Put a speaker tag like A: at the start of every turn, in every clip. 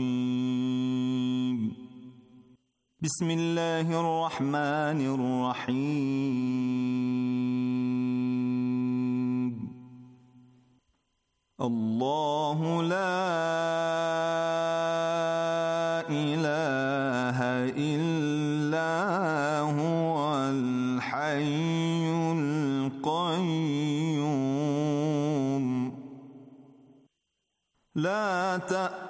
A: الرجيم بسم الله الرحمن الرحيم الله لا إله إلا هو الحي القيوم لا تأ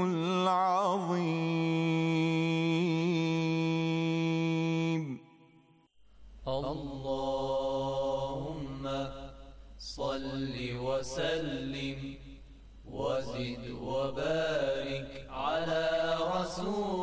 A: عظيم اللهم صل وسلم وزد وبارك على رسول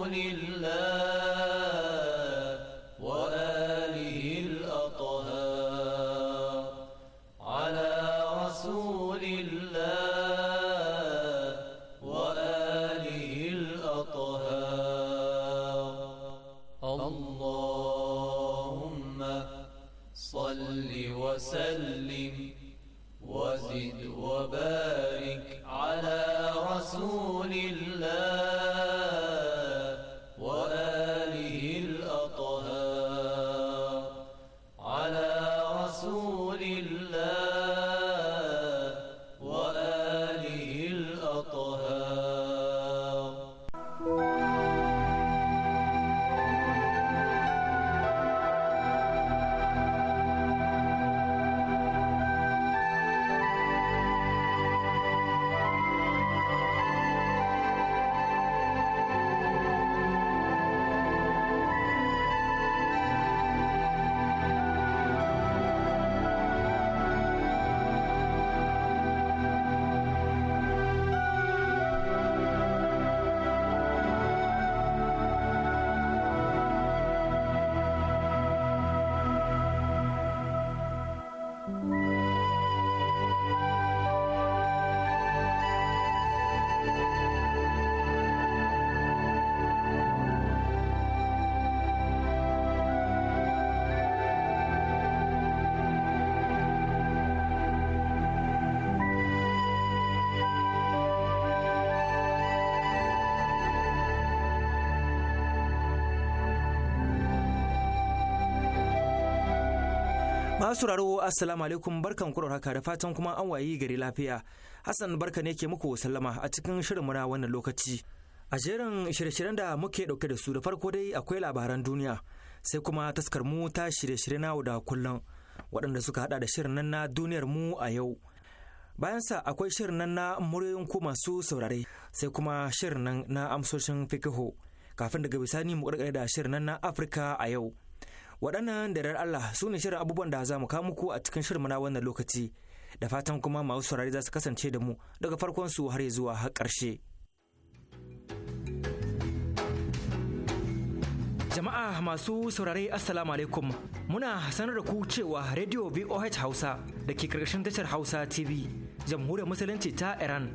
B: Masu raro Assalamu alaikum barkan kurar haka da fatan kuma an wayi gari lafiya. Hassan barka ne ke muku sallama a cikin shirin mura wannan lokaci. A jerin shirye-shiryen da muke ɗauke da su da farko dai akwai labaran duniya sai kuma taskar mu ta shirye-shirye na da kullum waɗanda suka hada da shirin nan na duniyar mu a yau. Bayan sa akwai shirin nan na muryoyin ku masu saurare sai kuma shirin nan na amsoshin fikihu kafin daga bisani mu ƙarƙare da shirin nan na Afirka a yau. waɗannan da Allah su ne shirin abubuwan da za mu kawo muku a cikin shirin na wannan lokaci da fatan kuma masu saurari za su kasance da mu daga farkon su har zuwa har ƙarshe. Jama'a masu saurari Assalamu alaikum muna sanar da ku cewa Radio VOH Hausa da ke karkashin tashar Hausa TV jamhuriyar musulunci ta Iran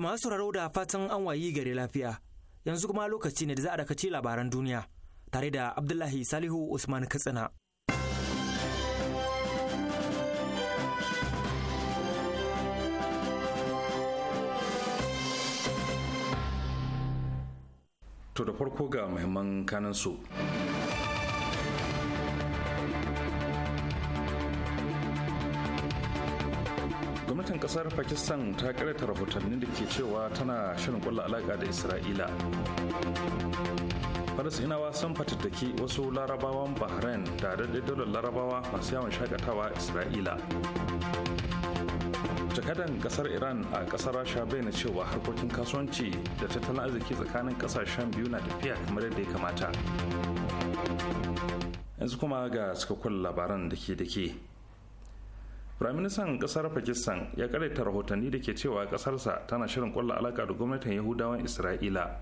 B: masu sauraro da fatan an wayi gari lafiya yanzu kuma lokaci ne da za a dakaci labaran duniya tare da Abdullahi Salihu Usman Katsina.
C: To da farko ga muhimman kanansu. kasar pakistan ta karanta rahotanni da ke cewa tana shirin kulla alaka da isra'ila falasinawa sun fatattaki wasu larabawan bahrain da daɗe larabawa masu yawon shakatawa isra'ila jakadan kasar iran a kasar rasha bayyana cewa harkokin kasuwanci da tattalin arziki tsakanin kasashen biyu na tafiya kamar yadda ya kamata yanzu kuma ga cikakkun labaran da ke da ke firaministan kasar pakistan ya karaita rahotanni da ke cewa kasarsa tana shirin ƙwallo alaka da gwamnatin yahudawan isra'ila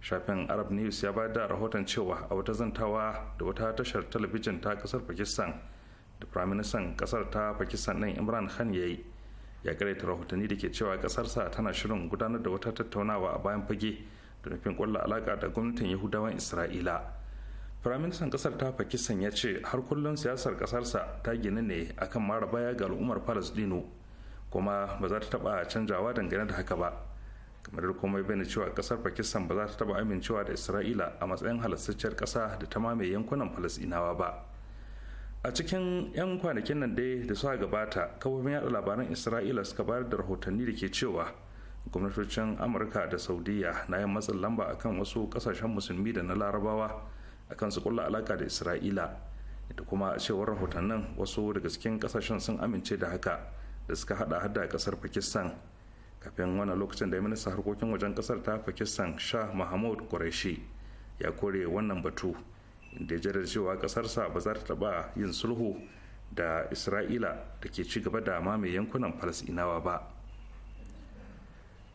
C: shafin arab news ya bayar da rahoton cewa a wata zantawa da wata tashar talabijin ta kasar pakistan da firaministan kasar ta pakistan ɗin imran khan ya yi ya karaita rahotanni da ke cewa kasarsa tana shirin gudanar da wata tattaunawa a bayan fage da nufin ƙwallo alaka da gwamnatin yahudawan isra'ila firaministan kasar ta pakistan ya ce har kullum siyasar kasarsa ta gina ne akan mara baya ga al'ummar palestino kuma ba za ta taba canjawa dangane da haka ba kamar kuma ya bane cewa kasar pakistan ba za ta taba amincewa da isra'ila a matsayin halastacciyar kasa da ta mamaye yankunan palestinawa ba a cikin 'yan kwanakin nan dai da suka gabata kafofin yaɗa labaran isra'ila suka bayar da rahotanni da ke cewa gwamnatocin amurka da saudiya na yin matsin lamba akan wasu kasashen musulmi da na larabawa a kan su kulla alaka da isra'ila da kuma cewar rahotannin wasu daga cikin kasashen sun amince da haka da suka hada hada kasar pakistan kafin wannan lokacin da minista harkokin wajen kasar ta pakistan shah mahmud qureshi ya kore wannan batu inda ya jira cewa kasarsa ba za ta taba yin sulhu da isra'ila da ke ci gaba da mamaye yankunan falasinawa ba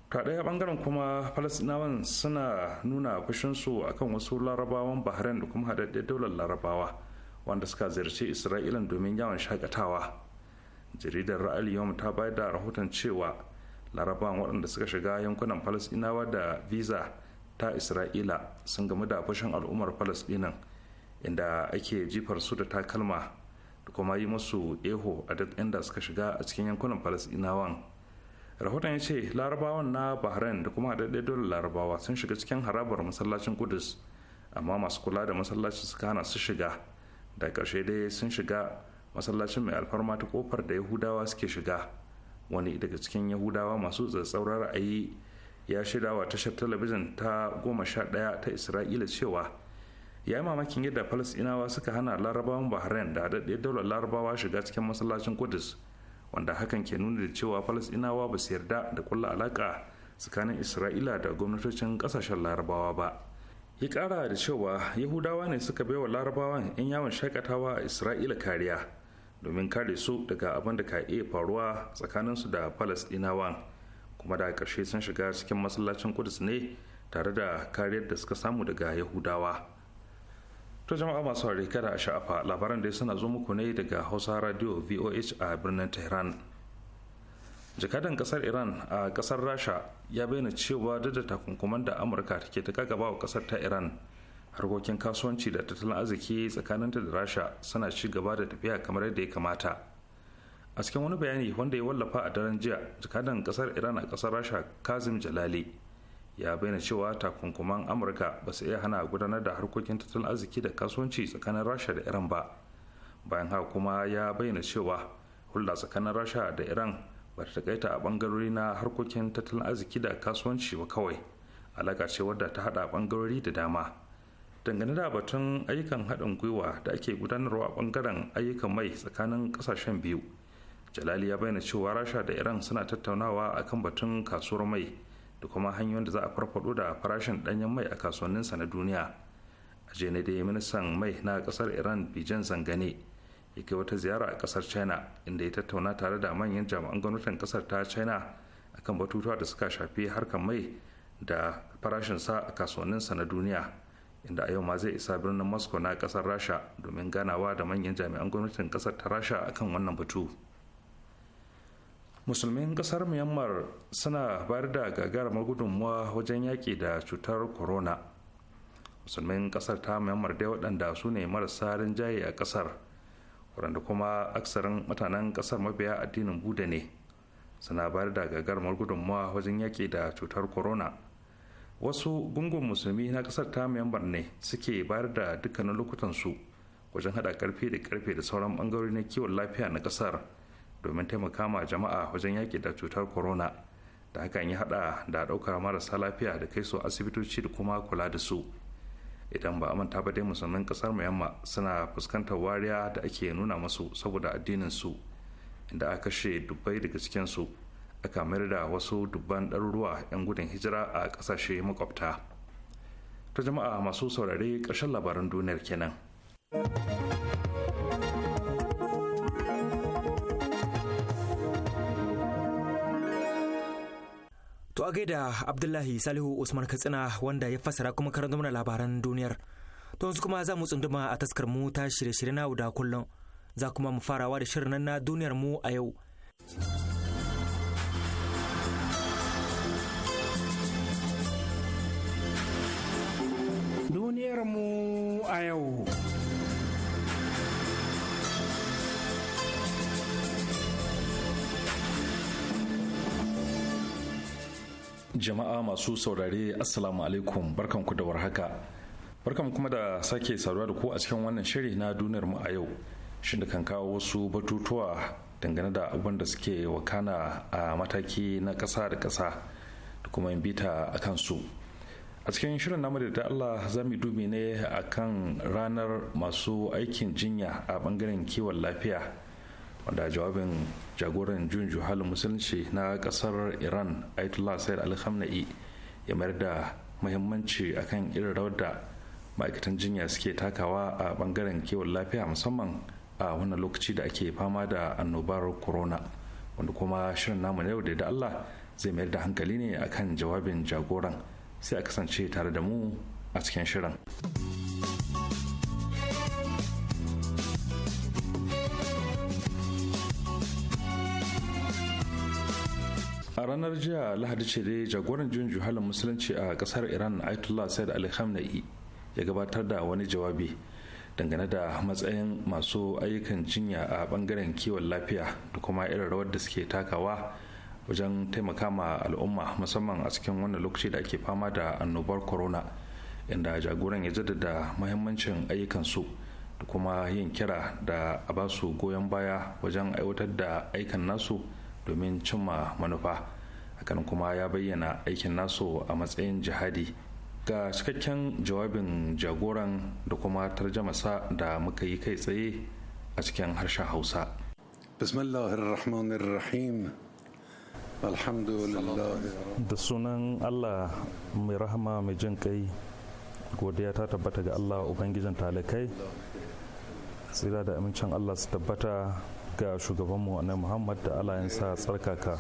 C: ta ɗaya ɓangaren kuma falasinawan suna nuna a akan wasu larabawan bahrain da kuma haɗaɗɗen daular larabawa wanda suka ziyarci isra'ilan domin yawon shakatawa jaridar ra'al ta bayar da rahoton cewa larabawan waɗanda suka shiga yankunan falasinawa da visa ta isra'ila sun gamu da fushin al'ummar falasɗinan inda ake jifar su da takalma da kuma yi musu eho a duk inda suka shiga a cikin yankunan falasɗinawan rahoton ya ce larabawan na bahrain da kuma daidai dole larabawa sun shiga cikin harabar masallacin kudus amma masu kula da masallacin suka hana su shiga da ƙarshe dai sun shiga masallacin mai alfarma ta kofar da yahudawa suke shiga wani daga cikin yahudawa masu tsatsauran ra'ayi ya shirya wa tashar talabijin ta goma sha ɗaya ta isra'ila cewa ya yi mamakin yadda falasɗinawa suka hana larabawan bahrain da haɗaɗɗe daular larabawa shiga cikin masallacin kudus wanda hakan ke nuna da cewa falasɗinawa ba su yarda da kulla alaƙa tsakanin isra'ila da gwamnatocin ƙasashen larabawa ba ya ƙara da cewa yahudawa ne suka baiwa Larabawa 'yan yawon shakatawa a isra'ila kariya domin kare su daga abin da ka iya faruwa tsakaninsu da falasɗinawan kuma da ƙarshe sun shiga cikin masallacin kudus ne tare da kariyar da suka samu daga yahudawa To jama'a masu haure kada a sha'afa labaran da suna zo muku ne daga Hausa Radio VOH a birnin Tehran. Jakadan kasar Iran a kasar Rasha ya bayyana cewa duk da takunkuman da Amurka take ta gaba wa kasar ta Iran harkokin kasuwanci da tattalin arziki tsakaninta da Rasha suna ci gaba da tafiya kamar yadda ya kamata. A cikin wani bayani wanda ya wallafa a daren jiya, jakadan kasar Iran a kasar Rasha Kazim Jalali ya bayyana cewa takunkuman amurka ba su iya hana gudanar da harkokin tattalin arziki da kasuwanci tsakanin rasha da iran ba bayan haka kuma ya bayyana cewa hulɗa tsakanin rasha da iran ba ta takaita a bangarori na harkokin tattalin arziki da kasuwanci ba kawai alaƙa ce wadda ta haɗa bangarori da dama dangane da batun ayyukan haɗin gwiwa da ake gudanarwa a bangaren ayyukan mai tsakanin ƙasashen biyu jalali ya bayyana cewa rasha da iran suna tattaunawa akan batun kasuwar mai da kuma hanyoyin da za a farfado da farashin danyen mai a kasuwanninsa na duniya a jene da ministan mai na kasar iran bijan zangane ya kai wata ziyara a kasar china inda ya tattauna tare da manyan jami'an gwamnatin kasar ta china akan batutuwa da suka shafi harkar mai da farashinsa a kasuwanninsa na duniya inda a yau ma zai isa birnin moscow na kasar rasha domin ganawa da manyan jami'an gwamnatin kasar ta rasha akan wannan batu. musulmin kasar myanmar suna bayar da gagarumar gudunmuwa wajen yaƙi da cutar corona musulmin kasar ta myanmar dai waɗanda su ne marasa rinjaye a kasar waɗanda kuma aksarin mutanen kasar mabiya addinin buda ne suna bayar da gagarumar gudunmuwa wajen yaƙi da cutar corona wasu gungun musulmi na kasar ta myanmar ne suke bayar da dukkanin lokutansu wajen haɗa ƙarfi da ƙarfe da sauran ɓangarori na kiwon lafiya na ƙasar domin taimaka ma jama'a wajen yaƙi da cutar corona da hakan ya haɗa da ɗaukar marasa lafiya da kai su asibitoci da kuma kula da su idan ba a manta ba dai musulmin ƙasar yamma suna fuskantar wariya da ake nuna masu saboda addinin su inda aka kashe dubbai daga cikin su aka mayar da wasu dubban ɗaruruwa 'yan gudun hijira a ƙasashe makwabta ta jama'a masu saurare ƙarshen labaran duniyar kenan.
B: To a gaida Abdullahi Salihu Usman Katsina wanda ya fassara kuma karanta mana labaran duniyar. To yanzu kuma za mu tsunduma a taskar mu ta shirye-shirye na da kullum. Za kuma mu farawa da shirin nan na duniyar mu a yau.
D: Duniyar mu a yau.
C: jama'a masu saurare assalamu alaikum barkanku da warhaka barkan kuma da sake saduwa da ku a cikin wannan shiri na duniyar mu a yau shin da kan kawo wasu batutuwa dangane da abin da suke wakana a mataki na ƙasa da kasa da kuma bita a kansu a cikin shirin namu da Allah za mu dubi ne akan ranar masu aikin jinya a bangaren kiwon lafiya wanda jawabin jagoran juyin juhalin musulunci na kasar iran ayatollah sayyid al ya mayar da muhimmanci akan irin rawar da ma'aikatan jinya suke takawa a bangaren kiwon lafiya musamman a wannan lokaci da ake fama da annobar corona wanda kuma shirin namu na yau da allah zai mayar da hankali ne akan jawabin jagoran sai a kasance tare da mu a cikin shirin. ranar jiya lahadi ce dai jagoran juyin juhalin musulunci a kasar iran ayatollah said ali khamenei ya gabatar da wani jawabi dangane da matsayin masu ayyukan jinya a bangaren kiwon lafiya da kuma irin rawar da suke takawa wajen taimaka ma al'umma musamman a cikin wannan lokaci da ake fama da annobar corona inda jagoran ya jaddada mahimmancin ayyukansu da kuma yin kira da a basu goyon baya wajen aiwatar da aikan nasu domin cimma manufa. hakanan kuma ya bayyana aikin nasu a matsayin jihadi ga cikakken jawabin jagoran da kuma tarjamasa da muka yi kai tsaye a cikin harshen hausa da sunan allah mai rahama mai jin kai godiya ta tabbata ga allah ubangijin talakai tsira da amincin allah su tabbata ga shugabanmu na muhammad da sa tsarkaka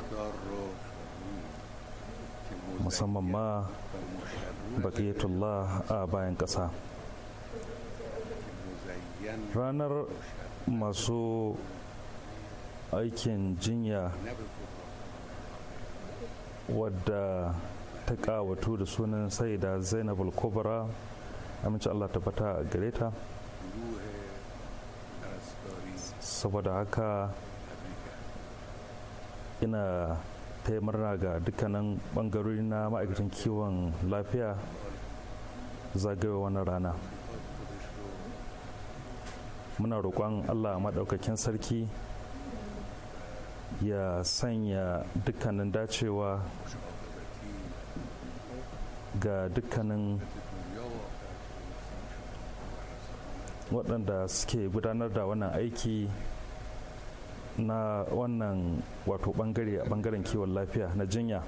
C: musamman ma bakiyatullah a bayan ƙasa ranar masu aikin jinya wadda ta kawatu da sunan saida zainab kubra amince allah ta fata a gare ta saboda haka ina ta murna ga dukkanin bangarori na ma'aikatan kiwon lafiya zagaye wannan rana muna roƙon allah maɗaukakin sarki ya sanya dukkanin dacewa ga dukkanin waɗanda suke gudanar da wannan aiki na wannan wato bangare a bangaren kiwon lafiya na jinya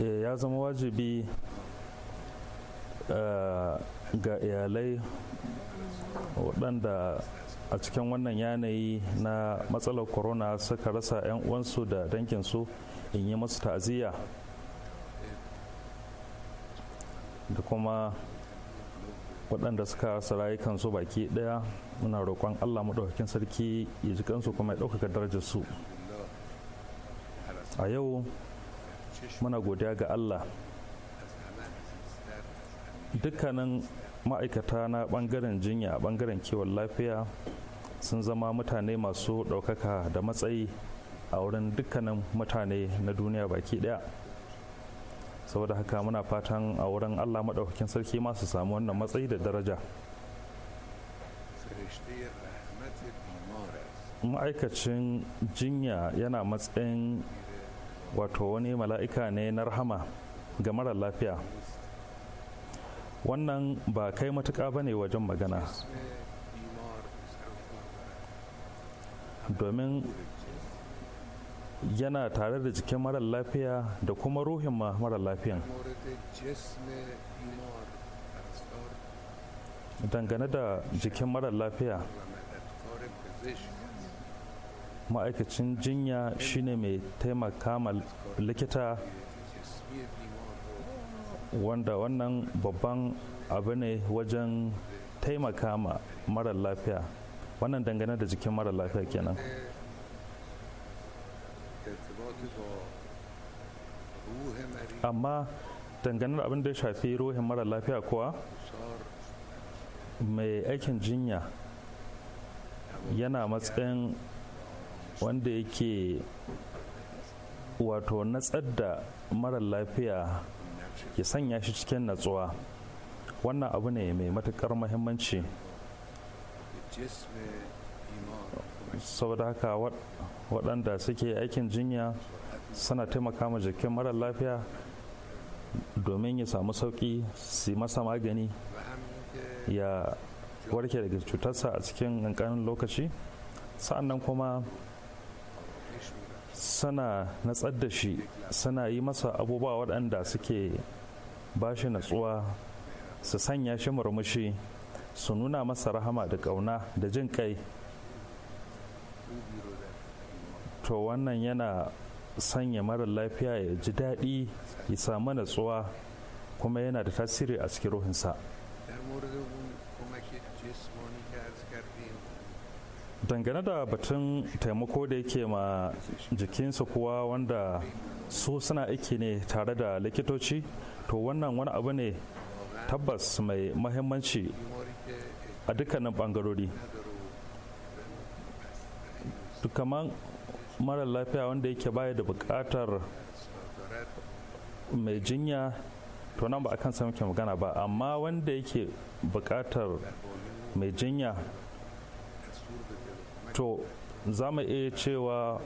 C: eh, ya zama wajibi eh, ga iyalai waɗanda a cikin wannan yanayi na matsalar corona suka rasa 'yan uwansu da danginsu in yi masu ta'aziyya da kuma waɗanda suka rasa rayukansu baki ɗaya muna roƙon allah maɗaukakin sarki ya ji kansu kuma ya ɗaukaka darajar su a yau muna godiya ga allah dukkanin ma'aikata na ɓangaren jinya a ɓangaren kiwon lafiya sun zama mutane masu ɗaukaka da matsayi a wurin dukkanin mutane na duniya baki ɗaya saboda haka muna fatan a wurin allah maɗaukakin sarki masu samu wannan matsayi da daraja ma'aikacin jinya yana matsayin wato wani mala'ika ne na rahama ga mara lafiya wannan ba kai matuka ba ne wajen magana domin yana tare da jikin mara lafiya da kuma ruhin ma mara lafiyan dangane da jikin marar lafiya ma'aikacin jinya shine mai taimaka ma likita wanda wannan babban abu ne wajen taimaka ma marar lafiya wannan dangane da jikin marar lafiya kenan amma dangane da abin da ya shafi ruhin marar lafiya kuwa mai aikin jinya yana matsayin wanda yake wato natsar da marar lafiya ya sanya shi cikin natsuwa wannan abu ne mai matuƙar mahimmanci saboda haka waɗanda suke aikin jinya suna taimaka ma jikin marar lafiya domin ya samu sauƙi su masa magani ya warke daga cutarsa a cikin ƙanƙanin lokaci sa'annan kuma suna natsar da shi suna yi masa abubuwa waɗanda suke ba shi natsuwa su sanya shi murmushi su nuna masa rahama da ƙauna da jin kai to wannan yana sanya mara lafiya ya ji daɗi ya samu natsuwa kuma yana da tasiri a cikin ruhinsa.
E: Um,
C: dangane da batun taimako da yake ma jikinsu kuwa wanda su suna aiki ne tare da likitoci to wannan wani abu ne tabbas mai mahimmanci a dukkanin bangarori dukkanin mara lafiya wanda yake baya da bukatar mai jinya to nan ba a kan muke magana ba amma wanda yake bukatar mai jinya to za mu iya cewa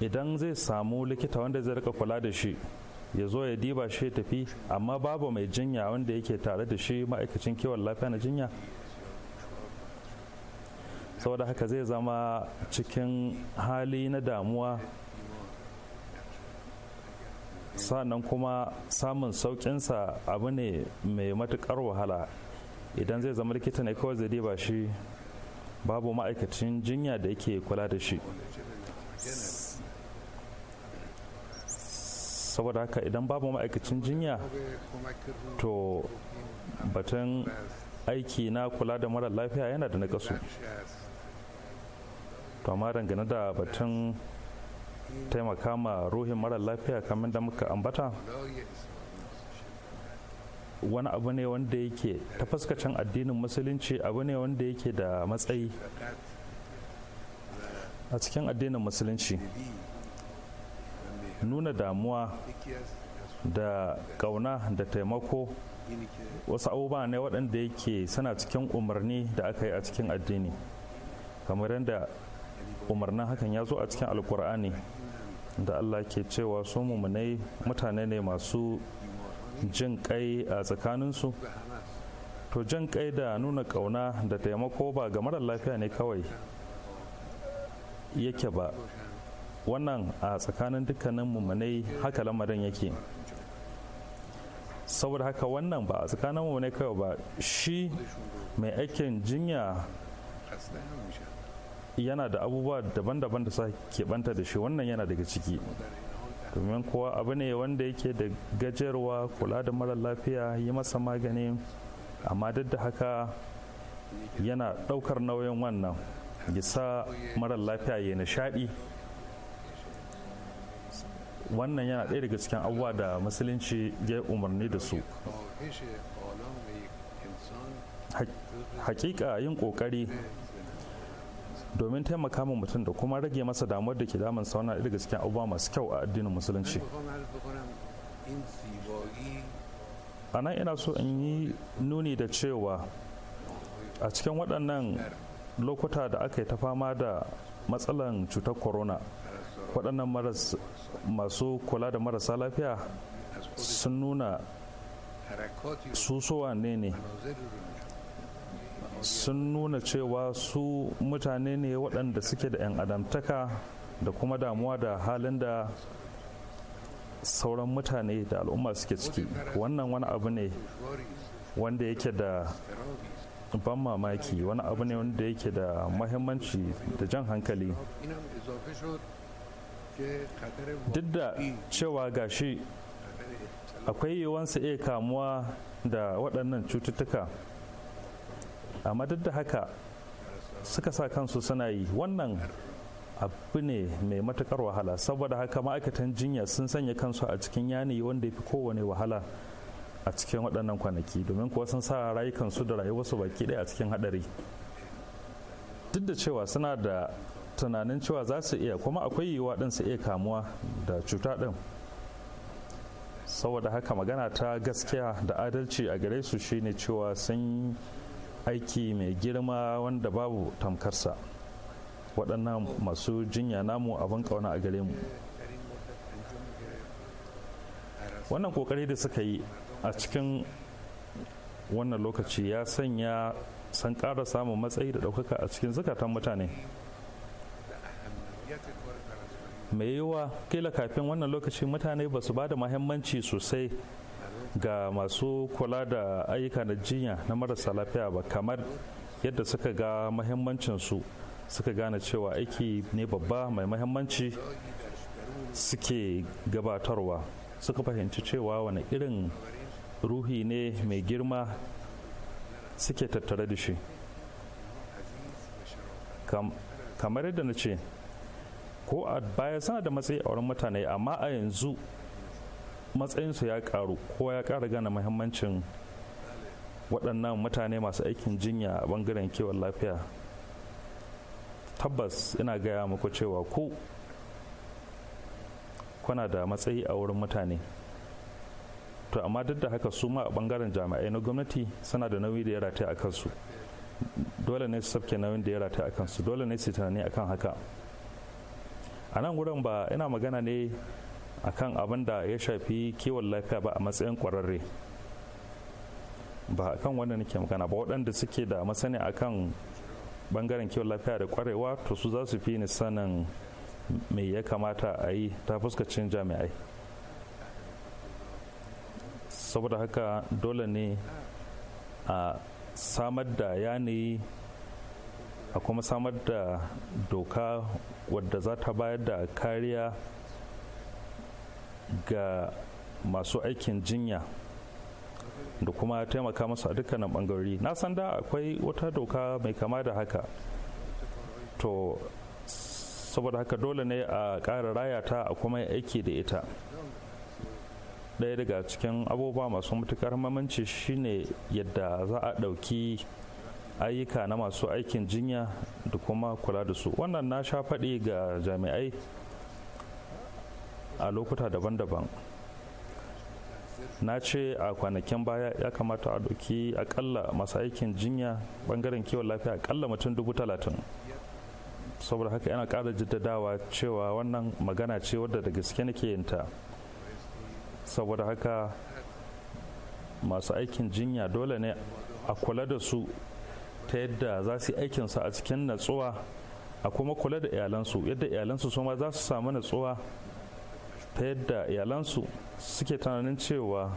C: idan zai samu likita wanda zai rika kula da shi ya zo ya diba shi ya tafi amma babu mai jinya wanda yake tare da shi ma'aikacin kiwon lafiya na jinya saboda haka zai zama cikin hali na damuwa sannan kuma samun sauƙinsa abu ne mai matuƙar wahala idan zai zama likita ne kawai zai diba shi babu ma'aikacin jinya da yake kula da shi saboda haka idan babu ma'aikacin jinya to batun aiki na kula da mara lafiya yana da nakasu to amma dangane da batun taimaka ma ruhin mara lafiya kamar da muka ambata wani abu ne wanda yake ta fuskacin addinin musulunci abu ne wanda yake da matsayi a cikin addinin musulunci nuna damuwa da ƙauna da taimako wasu abubuwa ne waɗanda yake suna cikin umarni da aka yi a cikin addini kamar yadda umarnin hakan ya zo a cikin alkur'ani da allah ke cewa su mummunai mutane ne masu jin kai a tsakaninsu to jin kai da nuna kauna da taimako ba ga marar lafiya ne kawai yake ba wannan a tsakanin dukkanin mummunai haka lamarin yake saboda haka wannan ba a tsakanin mummunai kawai ba shi mai aikin jinya yana da abubuwa daban-daban da sa banta da shi wannan yana daga ciki domin kuwa abu ne wanda yake da gajerwa kula da mara lafiya yi masa magani amma duk da haka yana ɗaukar nauyin wannan ya sa mara lafiya ya nishaɗi wannan yana ɗaya daga cikin abubuwa da musulunci ya umarni da su
E: hakika yin ƙoƙari
C: domin taimaka ma mutum da kuma rage masa damuwar da ke damun sauna daga cikin abubuwa masu kyau a addinin musulunci a nan ina so in yi nuni da cewa a cikin waɗannan lokuta da aka yi ta fama da matsalan cutar corona waɗannan masu kula da marasa lafiya sun nuna susowa ne ne sun nuna cewa su mutane ne waɗanda suke da 'yan adamtaka da kuma damuwa da halin da sauran mutane da al'umma suke ciki wannan wani abu ne wanda yake da ban mamaki wani abu ne wanda yake da mahimmanci da jan hankali duk da cewa gashi akwai yiwuwansa iya kamuwa da waɗannan cututtuka amma duk da haka suka sa kansu suna yi wannan abu ne mai matukar wahala saboda haka ma'aikatan jinya sun sanya kansu a cikin yanayi wanda ya fi kowane wahala a cikin waɗannan kwanaki domin kuwa sun sa rayukansu da rayuwarsu baki ɗaya a cikin haɗari duk da cewa suna da tunanin cewa za su iya kuma akwai yiwuwa ɗin su iya kamuwa da cuta ɗin saboda haka magana ta gaskiya da adalci a gare su shine cewa sun aiki mai girma wanda babu tamkarsa waɗannan masu jinya namu abin ƙauna a gare mu wannan ƙoƙari da suka yi a cikin wannan lokaci ya sanya san ƙara samun matsayi da ɗaukaka a cikin zukatan mutane mai yiwuwa kila kafin wannan lokaci mutane ba su ba da mahimmanci sosai ga masu kula da ayyuka na jinya na marasa lafiya ba kamar yadda suka ga mahimmancinsu suka gane cewa aiki ne babba mai mahimmanci suke gabatarwa suka fahimci cewa wani irin ruhi ne mai girma suke tattare da shi kamar yadda na ce ko a baya sana da matsayi a wurin mutane amma a yanzu matsayinsu ya karu ko ya kara gane muhimmancin waɗannan mutane masu aikin jinya a bangaren kiwon lafiya tabbas ina gaya muku cewa ku kuna da matsayi a wurin mutane to amma duk da haka su ma a bangaren jami'ai na gwamnati suna da nauyi da ya rataya a kansu dole ne su sabke nauyin da ya rataya a kansu dole ne su tunani kan haka a nan wurin ba ina magana ne akan abin da ya shafi kiwon lafiya ba a matsayin kwararre ba kan wanda nake magana ba waɗanda suke da masani akan bangaren kiwon lafiya da kwarewa to su za su fi ni sanin me ya kamata a yi ta fuskacin jami'ai saboda haka dole ne a samar da yanayi a kuma samar da doka wadda za ta bayar da kariya ga masu aikin jinya da kuma taimaka masu a dukkanin bangarori na san da akwai wata doka mai kama da haka to saboda haka dole ne a ƙara raya ta a kuma aiki da ita ɗaya daga cikin abubuwa masu matuƙar mamanci shine yadda za a ɗauki ayyuka na masu aikin jinya da kuma kula da su wannan na sha faɗi ga jami'ai a lokuta daban-daban na ce a kwanakin baya ya kamata a doki akalla masu aikin jinya bangaren kiwon lafiya akalla mutum dubu talatin saboda haka yana kara jaddadawa cewa wannan magana ce wadda da gaske nake yin ta saboda haka masu aikin jinya dole ne a kula da su ta yadda za su yi su a cikin natsuwa a kuma kula da iyalansu yadda iyalansu su ma za su samu natsuwa ta yadda iyalansu suke tunanin cewa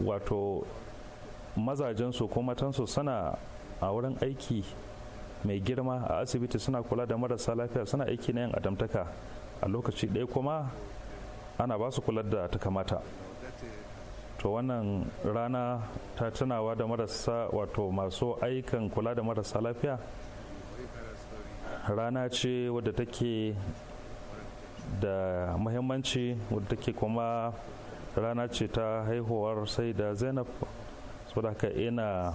C: wato mazajensu ko matansu suna a wurin aiki mai girma a asibiti suna kula da marasa lafiya suna aiki na yin adamtaka a lokaci ɗaya kuma ana ba su kula da ta kamata to wannan rana ta tunawa da marasa wato masu aikan kula da marasa lafiya rana ce wadda take da muhimmanci wadda ke kuma rana ce ta haihuwar sai da zainab saboda haka ina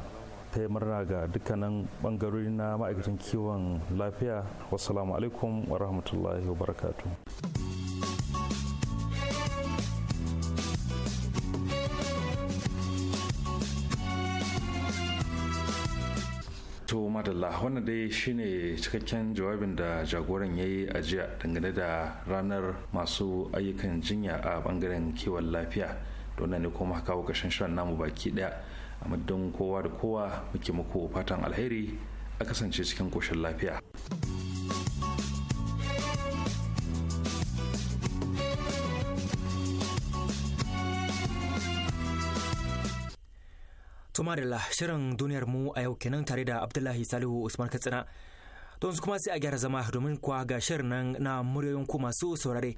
C: ta murna ga dukkanin bangarori na ma'aikatan kiwon lafiya wasu alaikum wa rahmatullahi wa barakatu. madalla wannan dai shine cikakken jawabin da jagoran ya yi a jiya dangane da ranar masu ayyukan jinya a bangaren kiwon lafiya da ne kuma kawo kashin shirin namu baki daya a madadin kowa da kowa muke muku fatan alheri a kasance cikin koshin lafiya.
B: da shirin duniyar mu a yau kenan tare da Abdullahi Salihu Usman Katsina. Don kuma sai a gyara zama domin kuwa ga shirin nan na muryoyin ku masu saurare.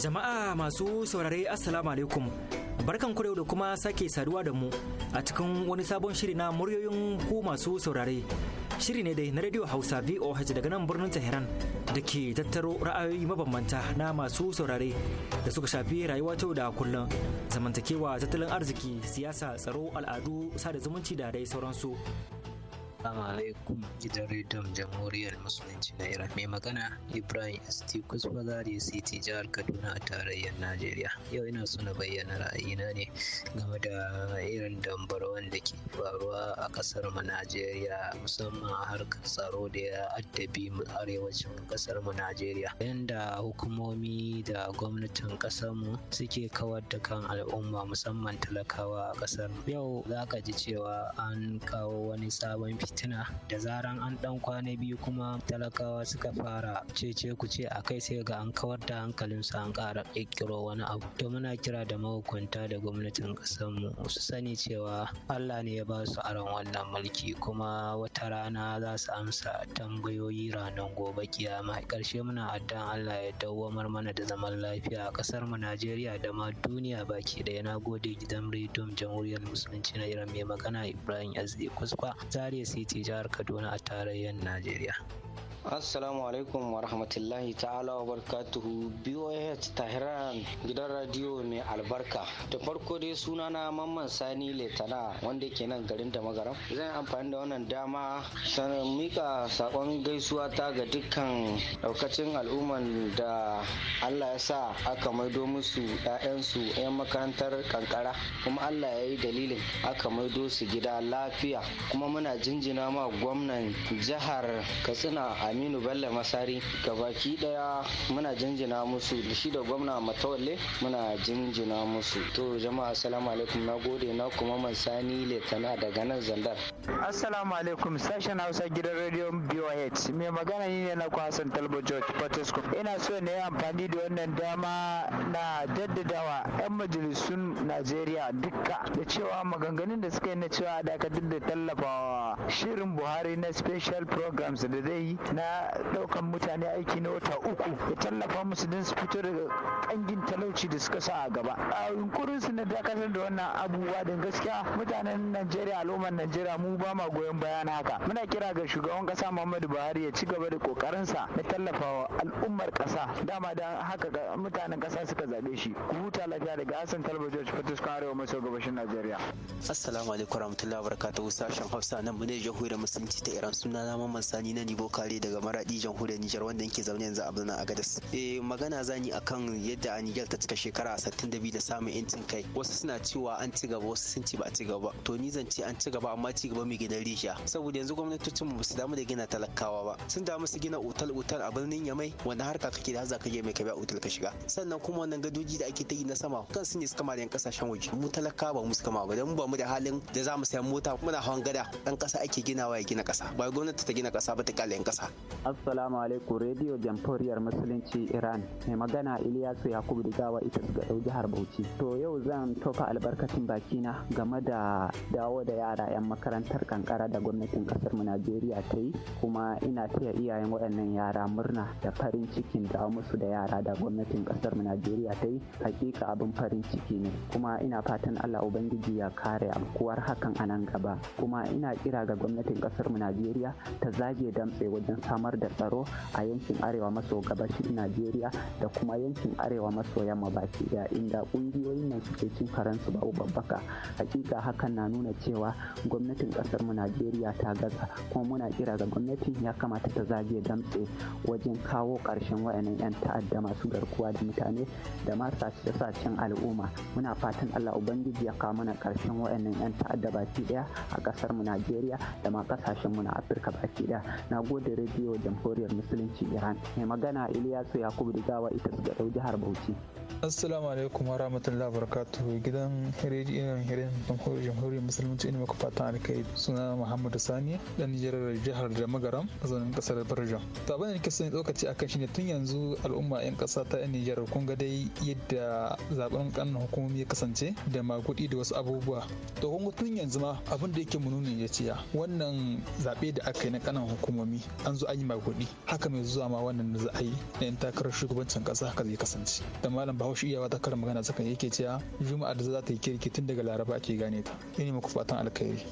B: Jama'a masu saurare Assalamu alaikum. Barkan kurewa da kuma sake saduwa da mu a cikin wani sabon shiri na muryoyin ku masu saurare. Shiri ne dai na Radio Hausa VOH daga nan birnin Tehran da ke tattaro ra'ayoyi mabambanta na masu saurare da suka shafi rayuwa ta da kullum zamantakewa tattalin arziki siyasa tsaro al'adu sada zumunci da dai sauransu.
F: Assalamu alaikum gidan rediyon jamhuriyar musulunci na Iran. Mai magana Ibrahim ST Kusbazari Siti, jihar Kaduna a tarayyar Najeriya. Yau ina so na bayyana ra'ayina ne game da irin dambarwan da ke faruwa a kasar mu Najeriya musamman a harkar tsaro da ya addabi mu arewacin kasar mu Najeriya. Yanda hukumomi da gwamnatin kasar mu suke kawar da kan al'umma musamman talakawa a kasar. Yau za ka ji cewa an kawo wani sabon fitina da zaran an ɗan kwana biyu kuma talakawa suka fara cece ku ce a kai sai ga an kawar da su an ƙara ƙirƙiro wani abu to muna kira da mahukunta da gwamnatin mu su sani cewa allah ne ya ba su aron wannan mulki kuma wata rana za su amsa tambayoyi ranar gobe kiyama ƙarshe muna addan allah ya dawwamar mana da zaman lafiya a ƙasar mu najeriya da ma duniya baki ɗaya na gode gidan rediyon jamhuriyar musulunci na iran mai magana ibrahim azdi kuskwa titi jihar Kaduna a tarayyar Najeriya.
G: Assalamu alaikum wa rahmatullahi ta'ala wa barkatuhu BOH Tahiran gidan radio mai albarka. Da farko dai sunana Mamman Sani Letana wanda ke nan garin da magaram. Zan amfani da wannan dama sanar mika sakon gaisuwa ta ga dukkan daukacin al'umman da Allah ya sa aka maido musu 'ya'yansu 'yan makarantar kankara kuma Allah ya yi dalilin aka maido su gida lafiya kuma muna jinjina ma gwamnan jihar Katsina a aminu bello masari gabaki daya muna jinjina musu da shi da gwamna matawalle muna jinjina musu to jama'a assalamu alaikum na gode na kuma man sani letana daga nan zandar assalamu alaikum sashen hausa gidan Radio boh mai magana ni ne na Hassan talbo george Patesco. ina so ne yi amfani da wannan dama na jaddadawa 'yan majalisun najeriya dukka da cewa maganganun da suka yi na cewa dakatar da tallafawa shirin buhari na special programs da zai yi na ɗaukan mutane aiki na wata uku ya tallafa musu don su fito daga kangin talauci da suka sa a gaba a yunkurin su na dakatar da wannan abubuwa da gaskiya mutanen najeriya al'ummar najeriya mu ba ma goyon bayan haka muna kira ga shugaban kasa muhammadu buhari ya ci gaba da ƙoƙarinsa na tallafawa al'ummar kasa dama da haka mutanen ƙasa suka zaɓe shi ku huta lafiya daga
H: hassan talba george kan arewa maso gabashin najeriya
D: assalamu alaikum warahmatullahi wabarakatuhu sashen hausa nan mu ne jamhuriyar musulunci ta iran suna na mamman sani na nibo kare da zama maradi jamhuriyar Nijar wanda yake zaune yanzu a birnin Agadez. Eh magana zani akan yadda a Nijar ta cika shekara 62 da samun yancin kai. Wasu suna cewa an ci gaba wasu sun ce ba a ci gaba. To ni zan ce an ci gaba amma ci gaba mai gidan rishiya. Saboda yanzu gwamnatocin mu su damu da gina talakawa ba. Sun damu su gina otal otal a birnin Yamai wanda harka kake da haza ka je mai ka biya otal ka shiga. Sannan kuma wannan gadoji da ake ta yi na sama kansu ne suka ma da yan kasashen waje. Mu talaka ba mu suka ma ba dan ba mu da halin da za mu sayan mota na hawan gada dan kasa ake ginawa ya gina kasa. Ba gwamnati ta gina kasa ba ta kalle yan kasa. Assalamu alaikum Radio Jamhuriyar Musulunci Iran mai magana Ilyasu Yakubu Digawa ita daga jihar Bauchi. To yau zan tofa albarkacin bakina game da dawo da yara 'yan makarantar kankara da gwamnatin kasar mu Najeriya ta yi kuma ina taya iyayen waɗannan yara murna da farin cikin da musu da yara da gwamnatin kasar mu Najeriya ta yi hakika abin farin ciki ne kuma ina fatan Allah Ubangiji ya kare amkuwar hakan a nan gaba kuma ina kira ga gwamnatin kasar mu Najeriya ta zage damtse wajen samar da tsaro a yankin arewa maso gabashin najeriya da kuma yankin arewa maso yamma baki daya inda kungiyoyin nan suke cin karansu babu babbaka hakika hakan na nuna cewa gwamnatin kasar mu najeriya ta gaza kuma muna kira ga gwamnatin ya kamata ta zage damtse wajen kawo karshen wayannan yan ta'adda masu garkuwa da mutane da masu sace al'umma muna fatan allah ubangiji ya kawo mana karshen wayannan yan ta'adda baki daya a kasar mu najeriya da ma kasashen mu na afirka baki daya na gode radio rediyo jamhuriyar musulunci iran mai magana iliyasu yakubu gawa ita su gaɗau jihar bauchi
I: assalamu alaikum wa rahmatullahi
J: wa barakatuhu gidan rediyon hirin jamhuriyar musulunci ina maka fatan alkai suna muhammadu sani dan jirar jihar da magaram zanen kasar barjo to abin da nake son tsokaci akan shine tun yanzu al'umma yan kasa ta yan nijar kun ga dai yadda zaben kannan hukumomi ya kasance da magudi da wasu abubuwa to kun tun yanzu ma abin da yake mu ya ce wannan zabe da aka yi na kanan hukumomi an zo an yi kuɗi haka mai zuwa ma wannan da za a yi na yan takarar shugabancin kasa haka zai kasance da malam bahaushe iyawa ta karin magana tsakanin yake cewa juma'a da za ta yi kirki tun daga laraba ake gane ta ina muku fatan alkhairi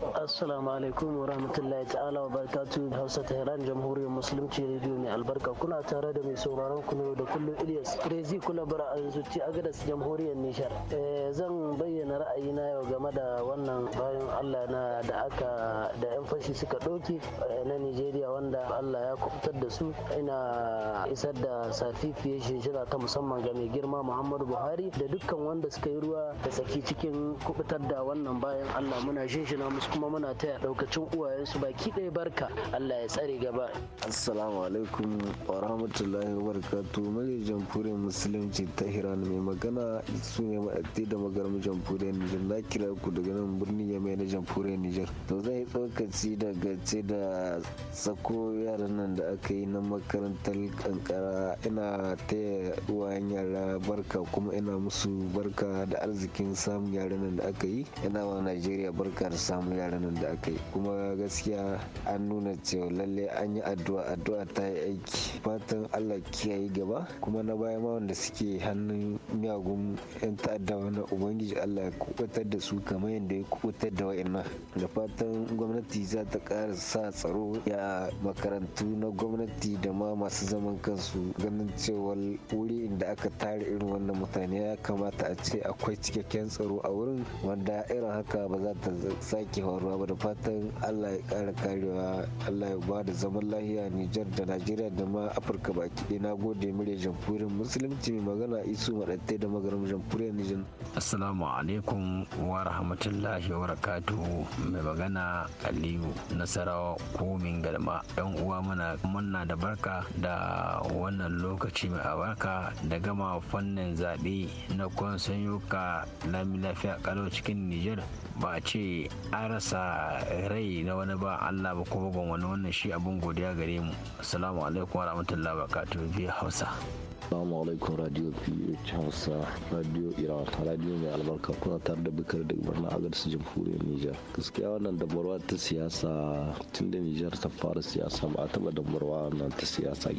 C: Assalamu
F: alaikum wa rahmatullahi ta'ala wa barakatuhu Hausa Tehran Jamhuriyar Musulunci Radio mai albarka kuna tare da mai sauraron ku da kullum Ilyas Rezi Kulabara a zuci Agadas Jamhuriyar Nishar. Eh, zan bayyana ra'ayina yau game da wannan bayan Allah na da aka da 'yan fashi suka ɗauke eh, na Nijeriya wanda Allah ya kubutar da su ina isar da safifiye shinshina ta musamman ga mai girma Muhammadu Buhari da dukkan wanda suka yi ruwa da tsaki cikin kubutar da wannan bayan
D: Allah muna shinshina musu kuma
F: muna taya daukacin uwayensu baki ɗaya barka Allah ya tsare gaba
G: assalamu alaikum wa rahmatullahi wa barakatuh mai jamhuriyar musulunci ta hiran mai magana su ne ma'aikata da magarmu jamhuriyar Nijar na kira ku daga nan birnin Yamai na jamhuriyar Nijar to zai tsokaci daga ce da sako yaran nan da aka yi na makarantar kankara ina taya uwayen yara barka kuma ina musu barka da arzikin samun yaran nan da aka yi ina wa Najeriya barka da samun gyare da aka yi kuma gaskiya an nuna cewa lallai an yi addu'a addu'a ta yi aiki fatan allah kiyaye gaba kuma na baya ma wanda suke hannun miyagun yan ta'adda wannan ubangiji allah ya kubutar da su kamar yadda ya kubutar da wa'annan da fatan gwamnati za ta kara sa tsaro ya makarantu na gwamnati da ma masu zaman kansu ganin cewa wuri inda aka tare irin wannan mutane ya kamata a ce akwai cikakken tsaro a wurin wanda irin haka ba za ta sake faruwa ba da fatan allah ya kara karewa allah ya ba da zaman lahiya nijar da najeriya da ma afirka baki ɗaya na gode murya jamhuriyar musulunci mai magana isu maɗattai da magarin jamhuriyar nijar assalamu alaikum wa rahmatullahi wa rakatu mai magana aliyu nasarawa komin galma yan uwa mana manna da barka da wannan lokaci mai abarka da gama fannin zaɓe na kwan sanyuka lami lafiya kalau cikin nijar ba ce an rasa rai na wani ba Allah ba kuma ban wani wannan shi abun godiya gare mu assalamu alaikum wa wabarakatuh bi hausa Assalamu alaikum Radio PH Hausa Radio Iran Radio mai albarka kuna tare da bikar da a Agadis Jamhuriyar Nijar. Gaskiya wannan damarwa ta siyasa tun da Nijar ta fara siyasa ba a taba damarwa nan ta siyasa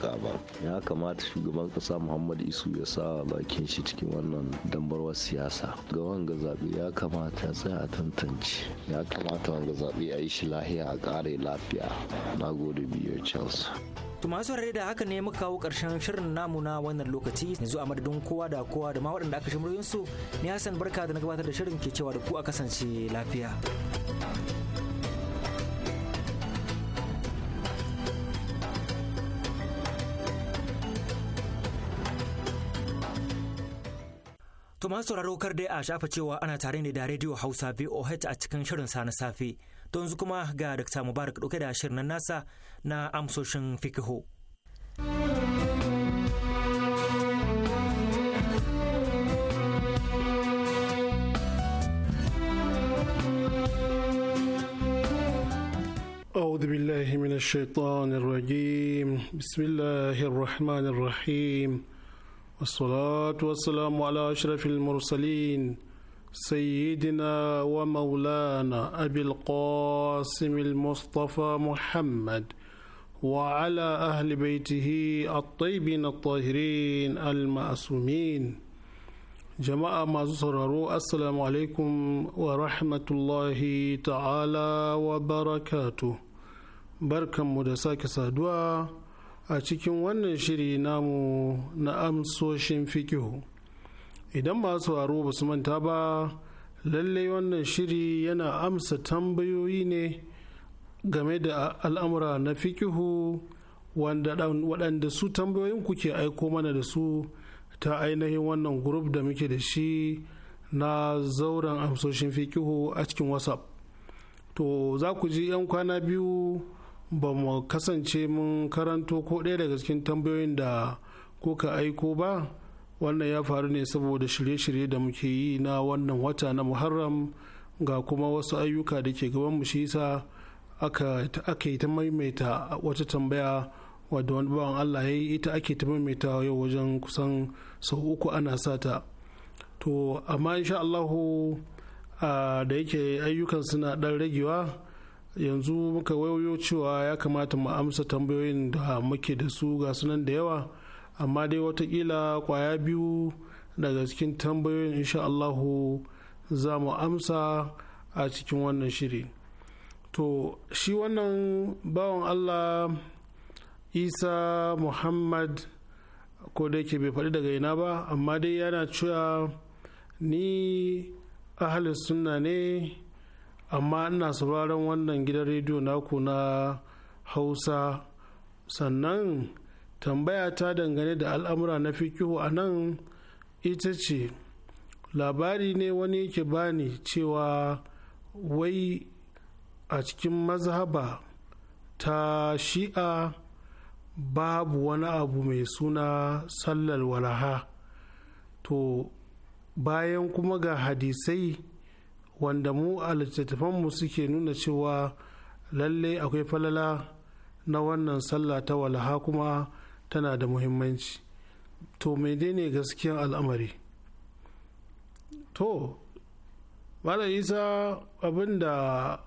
G: ka ba. Ya kamata shugaban kasa Muhammad Isu ya sa bakin shi cikin wannan damarwar siyasa. Ga wanga zaɓe ya kamata tsaya a tantance. Ya kamata wanga zaɓe a yi shi lahiya a ƙare lafiya. Na gode biyu chelsea.
B: To masu rare da haka ne muka kawo ƙarshen shirin namu na wannan lokaci yanzu a madadin kowa da kowa da ma waɗanda aka shimriyoyin su ni Hassan barka da na gabatar da shirin ke cewa da ku a kasance lafiya. To masu sauraro kar dai a shafa cewa ana tare ne da Radio Hausa VOH a cikin shirin sa na safe. To yanzu kuma ga Dr. Mubarak ɗauke da shirin nasa na amsoshin fikihu.
J: أعوذ بالله من الشيطان الرجيم بسم الله الرحمن الرحيم والصلاة والسلام على أشرف المرسلين سيدنا ومولانا أبي القاسم المصطفى محمد وعلى أهل بيته الطيبين الطاهرين المعصومين جماعة ما زرروا السلام عليكم ورحمة الله تعالى وبركاته بركة مدساك سادوا أتكين وانا شري نامو نأمسوشين فيكيهو idan masu sauraro ba su manta ba lallai wannan shiri yana amsa tambayoyi ne game da al'amura na fikihu waɗanda su tambayoyin kuke aiko mana da su ta ainihin wannan grup da muke da shi na zauren amsoshin fikihu a cikin whatsapp to za ku ji 'yan kwana biyu ba mu kasance mun karanto ko ɗaya daga cikin tambayoyin da kuka aiko ba wannan ya faru ne saboda shirye-shirye da muke yi na wannan wata na muharram ga kuma wasu ayyuka da ke gaban mu shi aka yi ta maimaita wata tambaya wadda wani bawan Allah ya yi ita ake ta maimaita yau wajen kusan sau uku ana sata to amma insha Allahu da yake ayyukan suna dan ragewa yanzu muka wayoyo cewa ya kamata mu amsa tambayoyin da muke da su ga sunan da yawa amma dai watakila kwaya biyu daga cikin tambayoyin insha Allahu za mu amsa a cikin wannan shirin. to shi wannan bawan allah isa muhammad ko da yake bai faɗi daga ina ba amma dai yana cewa ni ahalin sunna ne amma ina sauraron wannan gidan rediyo naku na hausa sannan tambaya ta dangane da al'amura na fikihu a nan ita ce labari ne wani yake bani cewa wai a cikin mazhaba ta shi'a babu wani abu mai suna sallar walaha to bayan kuma ga hadisai wanda mu a littattafanmu suke nuna cewa lallai akwai falala na wannan sallah ta walaha kuma tana da muhimmanci to ne gaskiyan al'amari to malam isa abinda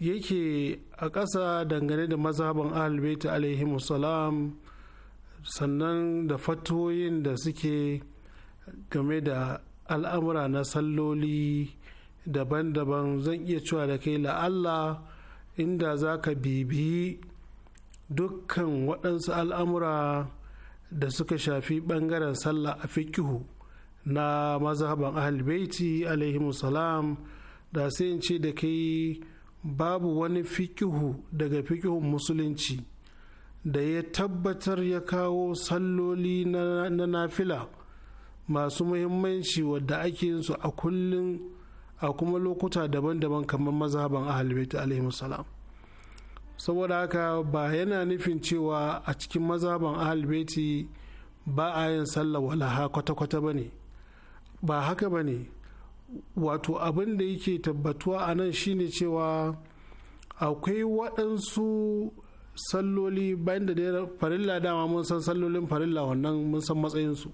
J: yake a ƙasa dangane da mazhaban alibaita alaihi salam sannan da fatoyin da suke game da al'amura na salloli daban-daban zan iya cewa da kai la'alla inda za ka bibi dukkan waɗansu al'amura da suka shafi ɓangaren sallah a fikihu na mazhaban ahalbaiti alaihi salam da sai in ce da kai babu wani fikihu daga fikihun musulunci da ya tabbatar ya kawo salloli na nafila masu muhimmanci wadda ake yin su a kullum a kuma lokuta daban-daban kamar mazhaban ahalibaita alaihi salam saboda haka ba yana nufin cewa a cikin mazhaban ahalibaiti ba a yin sallah walaha kwata-kwata ba ne ba haka ba ne wato abin da yake tabbatuwa a nan shine cewa akwai waɗansu salloli bayan da dai farilla dama mun san sallolin farilla wannan mun san matsayinsu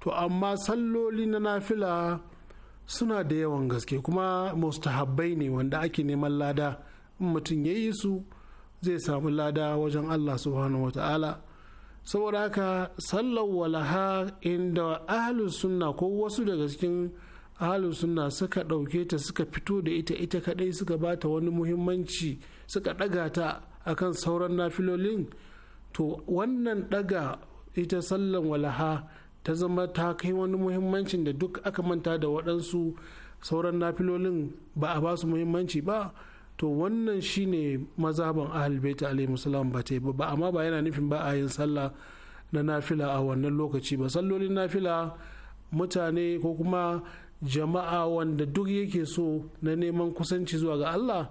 J: to amma salloli na nafila suna da yawan gaske kuma mustahabbai ne wanda ake neman lada in mutum ya yi su zai samu lada wajen allah subhanahu wata'ala saboda haka sallar walaha inda ahalus sunna ko wasu daga cikin ahalin sunna suka ɗauke ta suka fito da ita ita kadai suka bata wani muhimmanci suka ɗaga ta akan sauran nafilolin to wannan ɗaga ita sallan walaha ta zama ta kai wani muhimmancin da duk aka manta da waɗansu sauran nafilolin ba a ba su muhimmanci ba to wannan shine mazaban ahal baita alaihi musulam ba ta yi ba amma ba yana nufin ba a yin sallah na nafila a wannan lokaci ba sallolin nafila mutane ko kuma jama'a wanda duk yake so na neman kusanci zuwa ga Allah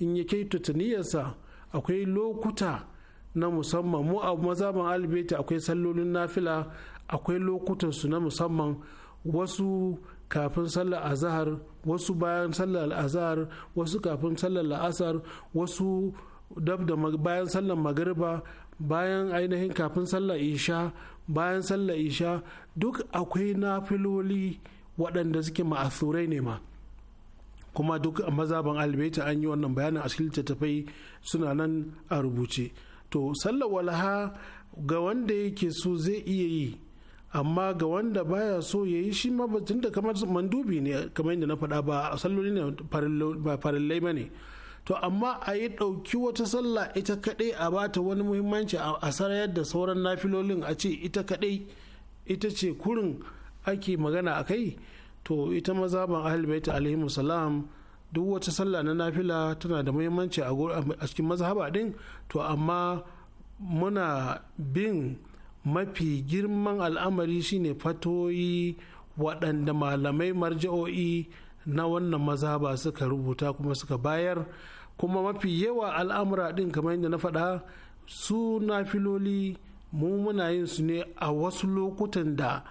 J: in ya kai niyyarsa akwai lokuta na musamman mu a mazaban albeta akwai sallolin nafila akwai lokutan su na musamman wasu kafin sallar azahar wasu bayan sallar azahar wasu kafin sallar la'asar wasu dab da bayan sallar magariba bayan ainihin kafin sallar isha bayan sallar isha duk akwai nafiloli waɗanda suke ma'asurai ne ma kuma duk a mazaban albaita an yi wannan bayanin a cikin littattafai suna nan a rubuce to sallar walaha ga wanda yake so zai iya yi amma ga wanda baya so ya yi shi ma batun da kamar mandubi ne kamar yadda na faɗa ba a salloli ne ba farillai ba ne to amma a yi ɗauki wata sallah ita kaɗai a bata wani muhimmanci a sarayar da sauran nafilolin a ce ita kaɗai ita ce kurin ake magana a kai to ita mazaban ahalibaita alaihimu salam duk wata sallah na nafila tana da muhimmanci a cikin mazhaba din to amma muna bin mafi girman al'amari shine fatoyi waɗanda malamai marja'o'i na wannan mazhaba suka rubuta kuma suka bayar kuma mafi yawa al'amura din kamar yadda na faɗa su nafiloli mu muna yin su ne a wasu lokutan da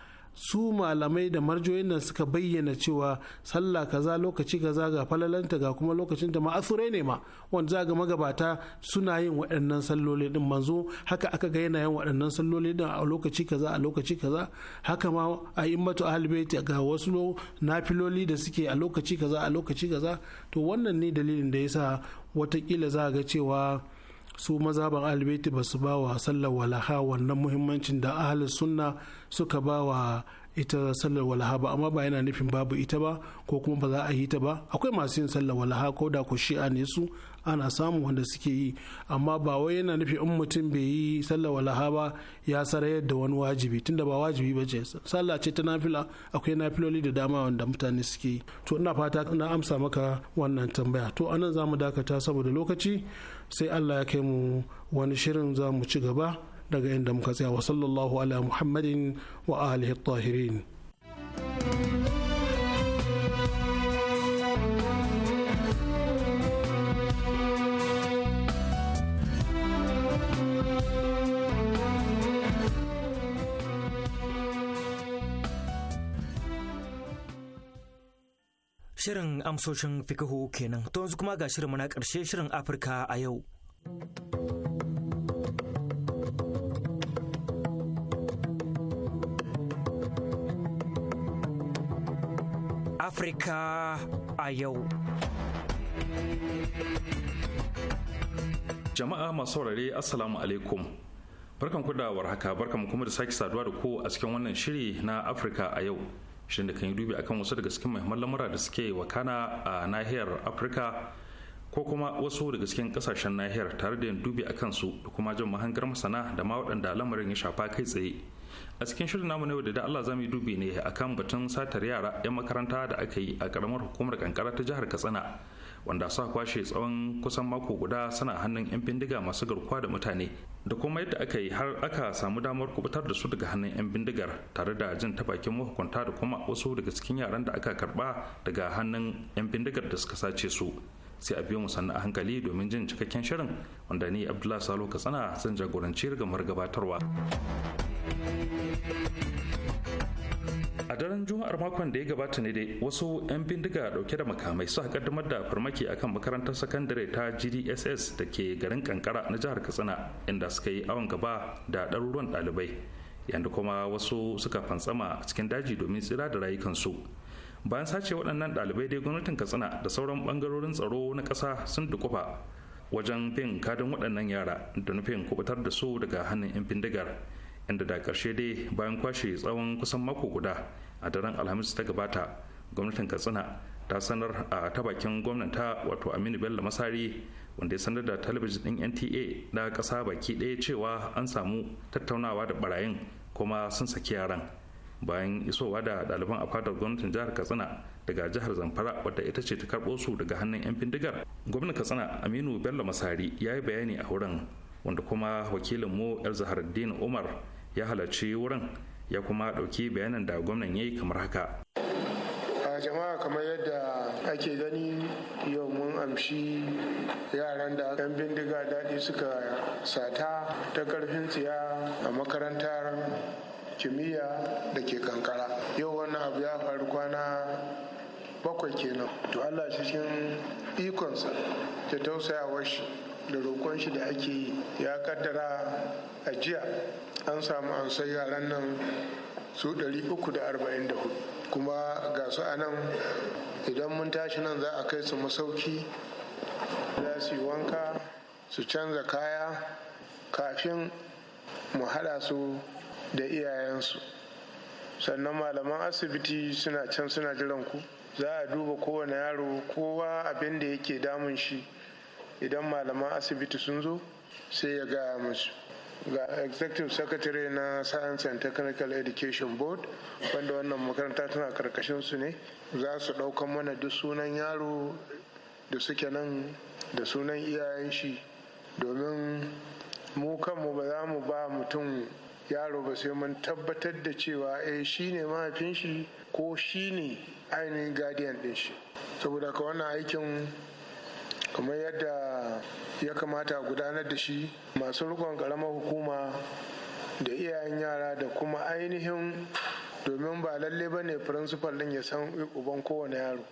J: su malamai da marjoyin nan suka bayyana cewa sallah kaza lokaci kaza ga falalanta ga kuma lokacin da ma'asure ne ma wanda za ga magabata suna yin waɗannan salloli din manzo haka aka ga yana yin waɗannan salloli din a lokaci kaza a lokaci kaza haka ma a immatu ahlbaiti ga wasu nafiloli da suke a lokaci kaza a lokaci kaza to wannan ne dalilin da ya sa watakila za ga cewa su maza albaiti ba su ba wa sallar walaha wannan muhimmancin da ahal sunna suka ba wa ita sallar walaha ba amma ba yana nufin babu ita ba ko kuma ba za a yi ta ba akwai masu yin sallar walaha ko da ku shi'a ne su ana samu wanda suke yi amma ba wai yana nufi in mutum bai yi sallar walaha ba ya sarayar da wani wajibi tunda ba wajibi ba ce sallah ce ta nafila akwai nafiloli da dama wanda mutane suke yi to ina fata na amsa maka wannan tambaya to anan zamu dakata saboda lokaci sai allah ya kai mu wani shirin za mu ci gaba daga inda muka tsaya wa sallallahu ala muhammadin wa alihi tahirin
B: Shirin amsoshin fikihu kenan to yanzu kuma ga shirin muna karshe shirin Afirka a yau.
C: Afirka a yau. Jama'a masu saurare Assalamu alaikum. Barkan ku da warhaka, barkan kuma da sake saduwa da ku a cikin wannan shiri na Afirka a yau. shin da kan yi dubi akan wasu daga cikin muhimman lamura da suke wakana a nahiyar afirka ko kuma wasu daga cikin kasashen nahiyar tare da yin dubi a kansu da kuma jin mahangar masana da ma waɗanda lamarin ya shafa kai tsaye a cikin shirin namu na yau da Allah za mu yi dubi ne akan batun satar yara 'yan makaranta da aka yi a ƙaramar hukumar kankara ta jihar katsina wanda sa kwashe tsawon kusan mako guda suna hannun 'yan bindiga masu garkuwa da mutane da kuma yadda aka yi har aka samu damar kubutar da su daga hannun 'yan bindigar tare da jin ta bakin mahukunta da kuma wasu daga cikin yaran da aka karba daga hannun 'yan bindigar da suka sace su sai a biyo mu a hankali domin jin cikakken shirin wanda ni abdullahi salo katsina zan jagoranci rigamar gabatarwa a daren juma'ar makon da ya gabata ne dai wasu 'yan bindiga dauke da makamai suka kaddamar da farmaki akan makarantar sakandare ta gdss da ke garin kankara na jihar katsina inda suka yi awon gaba da ɗaruruwan ɗalibai yadda kuma wasu suka fantsama cikin daji domin tsira da rayukansu bayan sace waɗannan ɗalibai dai gwamnatin katsina da sauran ɓangarorin tsaro na ƙasa sun dukufa wajen bin kadin waɗannan yara da nufin kubutar da su daga hannun 'yan bindigar inda da ƙarshe dai bayan kwashe tsawon kusan mako guda a daren alhamis ta gabata gwamnatin katsina ta sanar a ta bakin gwamnata wato aminu bello masari wanda ya sanar da talabijin din nta na ƙasa baki ɗaya cewa an samu tattaunawa da barayin kuma sun saki yaran bayan isowa da ɗaliban a fadar gwamnatin jihar katsina daga jihar zamfara wadda ita ce ta karɓo su daga hannun 'yan bindigar gwamnan katsina aminu bello masari ya yi bayani a wurin wanda kuma wakilin mu el zahar umar ya halarci wurin ya kuma ɗauki bayanan da gwamnan ya yi kamar haka
K: A jama'a kamar yadda ake gani yau mun amshi yaran da 'yan bindiga daɗi suka sata ta karfin tsiya a makarantar kimiyya da ke kankara yau wannan abu ya faru kwana bakwai kenan to allah cikin ikonsa ta tausayawar shi da roƙon shi da ake yi ya kaddara a jiya an samu an yaran nan su 344 kuma ga su a nan idan mun tashi nan za a kai su masauki za su yi wanka su canza kaya kafin mu haɗa su da iyayensu sannan malaman asibiti suna can suna jiran ku za a duba kowane yaro kowa abin da yake damun shi idan malaman asibiti sun zo sai ya gaya musu ga executive secretary na science and technical education board wanda wannan makaranta tana karkashin su ne za su ɗaukan mana duk sunan yaro da suke nan da sunan iyayen shi domin mu kanmu ba za mu ba mutum yaro ba sai mun tabbatar da cewa eh shi ne mahaifin shi ko shi ne ainihin guardian ɗin shi saboda ka wannan aikin kamar yadda ya kamata gudanar da shi masu rikon karamar hukuma da iyayen yara da kuma ainihin domin ba lalle ba ne firinsifal ɗin ya san uban kowane yaro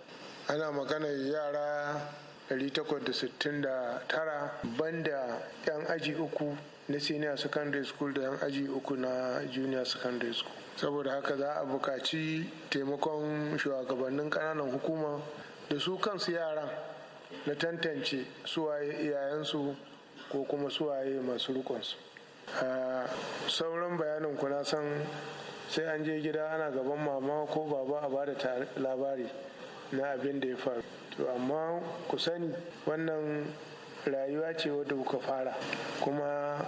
K: ana magana yara 869 banda 'yan aji uku na senior secondary school da 'yan aji uku na junior secondary school saboda haka za a bukaci taimakon shugabannin ƙananan hukuma da su kansu yaran na tantance suwaye iyayensu ko kuma suwaye masu rikonsu sauran bayanin kuna san sai an je gida ana gaban mama ko baba a ba da labari na abin da ya faru to amma ku sani wannan rayuwa ce wadda kuka fara kuma